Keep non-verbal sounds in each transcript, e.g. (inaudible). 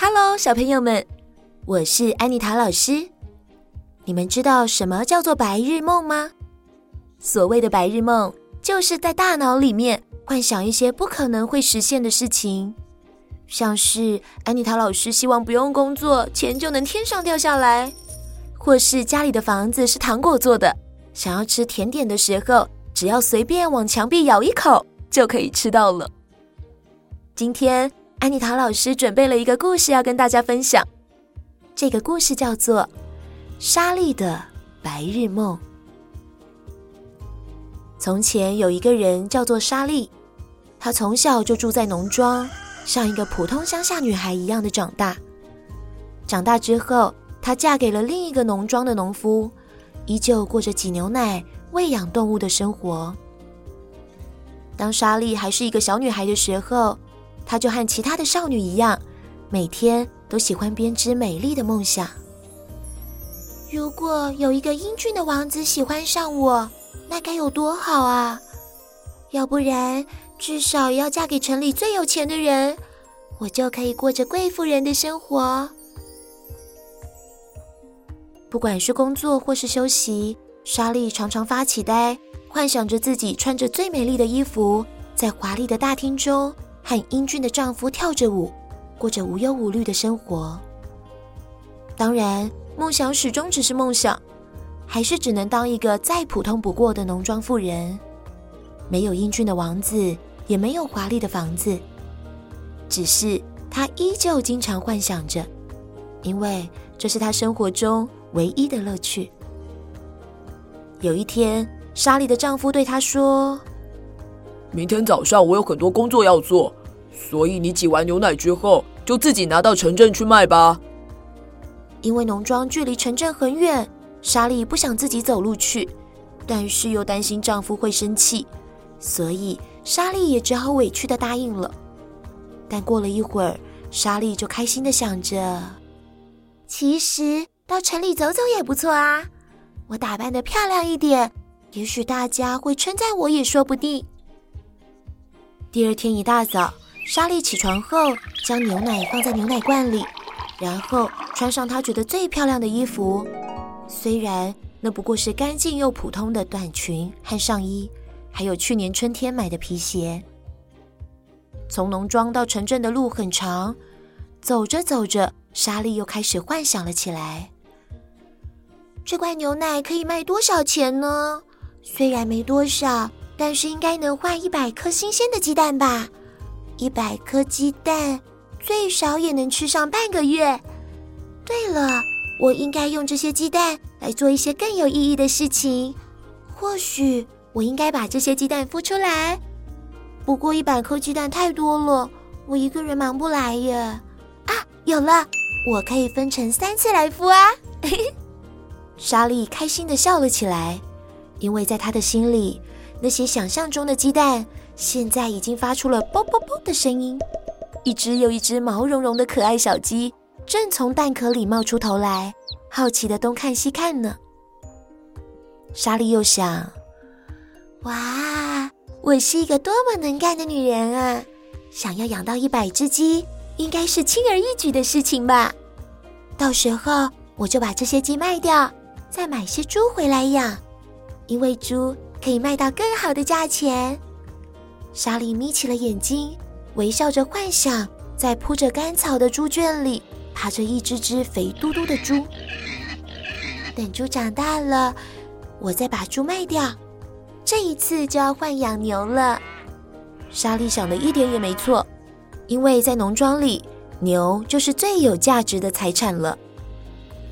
哈嘍，小朋友們，我是安妮塔老師。你們知道什麼叫做白日夢嗎？所謂的白日夢，就是在大腦裡面幻想一些不可能會實現的事情，像是安妮塔老師希望不用工作，錢就能天上掉下來，或是家裡的房子是糖果做的，想要吃甜點的時候，只要隨便往牆壁咬一口就可以吃到了。今天，安妮塔老師準備了一個故事要跟大家分享，這個故事叫做《莎莉的白日夢》。從前有一個人叫做莎莉，她從小就住在農莊，像一個普通鄉下女孩一樣的長大。長大之後，她嫁給了另一個農莊的農夫，依舊過着擠牛奶、餵養動物的生活。當莎莉還是一個小女孩的時候，她就和其他的少女一樣，每天都喜歡編織美麗的夢想。如果有一個英俊的王子喜歡上我，那該有多好啊！要不然，至少要嫁給城裡最有錢的人，我就可以過着貴婦人的生活。不管是工作或是休息，莎莉常常發起呆，幻想着自己穿着最美麗的衣服，在華麗的大廳中。和英俊的丈夫跳着舞，過着無憂無慮的生活。當然，夢想始終只是夢想，還是只能當一個再普通不過的農莊婦人，沒有英俊的王子，也沒有華麗的房子。只是她依舊經常幻想着，因為這是她生活中唯一的樂趣。有一天，莎莉的丈夫對她說：“明天早上我有很多工作要做。”所以你擠完牛奶之後，就自己拿到城鎮去賣吧。因為農莊距離城鎮很遠，莎莉不想自己走路去，但是又擔心丈夫會生氣，所以莎莉也只好委屈地答應了。但過了一會兒，莎莉就開心地想着：其實到城裡走走也不錯啊，我打扮得漂亮一點，也許大家會稱讚我也說不定。第二天一大早。莎莉起床後，將牛奶放在牛奶罐裡，然後穿上她覺得最漂亮的衣服。雖然那不過是乾淨又普通的短裙和上衣，還有去年春天買的皮鞋。從農莊到城鎮的路很長，走着走着，莎莉又開始幻想了起來：這罐牛奶可以賣多少錢呢？雖然沒多少，但是應該能換一百顆新鮮的雞蛋吧。一百顆雞蛋，最少也能吃上半個月。對了，我應該用這些雞蛋來做一些更有意義的事情。或許我應該把這些雞蛋孵出來。不過一百顆雞蛋太多了，我一個人忙不來呀。啊，有了，我可以分成三次來孵啊！莎 (laughs) 莉開心的笑了起來，因為在他的心裡，那些想象中的雞蛋。現在已經發出了“啵啵啵”的聲音，一隻又一隻毛茸茸的可愛小雞正從蛋殼裡冒出頭來，好奇的東看西看呢。莎莉又想：“哇，我是一個多麼能幹的女人啊！想要養到一百隻雞，應該是輕而易舉的事情吧？到時候我就把這些雞賣掉，再買些豬回來養，因為豬可以賣到更好的價錢。”莎莉眯起了眼睛，微笑着幻想，在鋪着乾草的豬圈裡，趴着一隻隻肥嘟嘟的豬。等豬長大了，我再把豬賣掉。這一次就要換養牛了。莎莉想的一點也沒錯，因為在農莊裡，牛就是最有價值的財產了。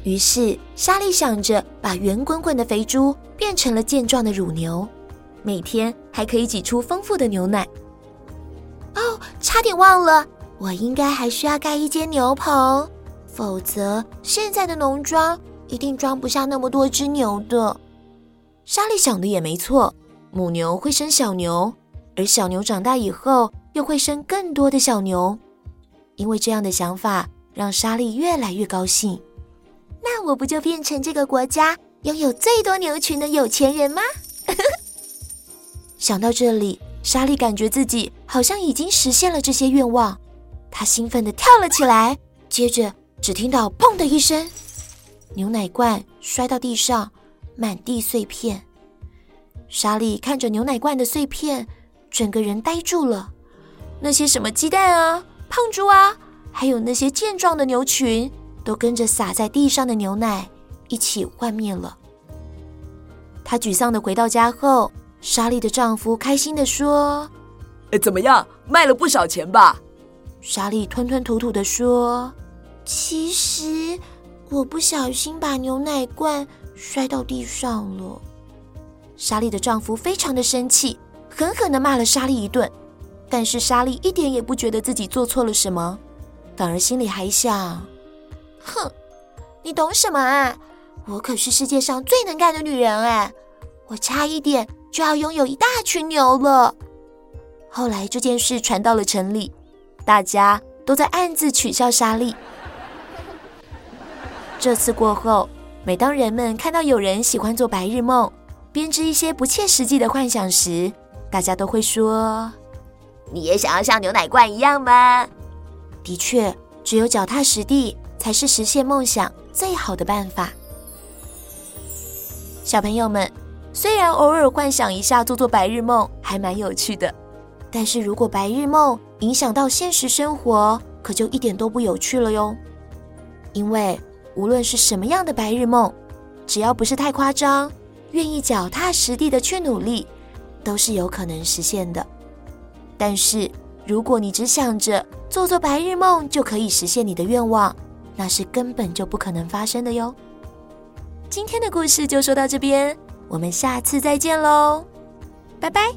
於是，莎莉想着把圓滾滾的肥豬變成了健壯的乳牛。每天還可以擠出豐富的牛奶。哦，差點忘了，我應該還需要蓋一間牛棚，否則現在的農莊一定裝不下那麼多隻牛的。莎莉想的也沒錯，母牛會生小牛，而小牛長大以後又會生更多的小牛。因為這樣的想法，讓莎莉越來越高興。那我不就變成這個國家擁有最多牛群的有錢人嗎？想到這裡，莎莉感覺自己好像已經實現了這些願望，她興奮地跳了起來。接着只聽到“砰”的一聲，牛奶罐摔到地上，滿地碎片。莎莉看着牛奶罐的碎片，整個人呆住了。那些什麼雞蛋啊、胖豬啊，還有那些健壯的牛群，都跟着灑在地上的牛奶一起幻滅了。她沮喪地回到家後，莎莉的丈夫開心的說：“哎，怎麼樣，賣了不少錢吧？”莎莉吞吞吐吐的說：“其實，我不小心把牛奶罐摔到地上了。”莎莉的丈夫非常的生氣，狠狠的罵了莎莉一頓。但是莎莉一點也不覺得自己做錯了什麼，反而心裡還想：“哼，你懂什麼啊？我可是世界上最能幹的女人哎！我差一點。”就要擁有一大群牛了。後來這件事傳到了城裡，大家都在暗自取笑莎莉。 (laughs) 這次過後，每當人們看到有人喜歡做白日夢，編織一些不切實際的幻想時，大家都會說：“你也想要像牛奶罐一樣嗎？”的確，只有腳踏實地，才是實現夢想最好的辦法。小朋友們。雖然偶爾幻想一下，做做白日夢還蠻有趣的，但是如果白日夢影響到現實生活，可就一點都不有趣了喲。因為無論是什麼樣的白日夢，只要不是太誇張，願意腳踏實地的去努力，都是有可能實現的。但是如果你只想着做做白日夢就可以實現你的願望，那是根本就不可能發生的喲。今天的故事就說到這邊。我們下次再見嘍，拜拜。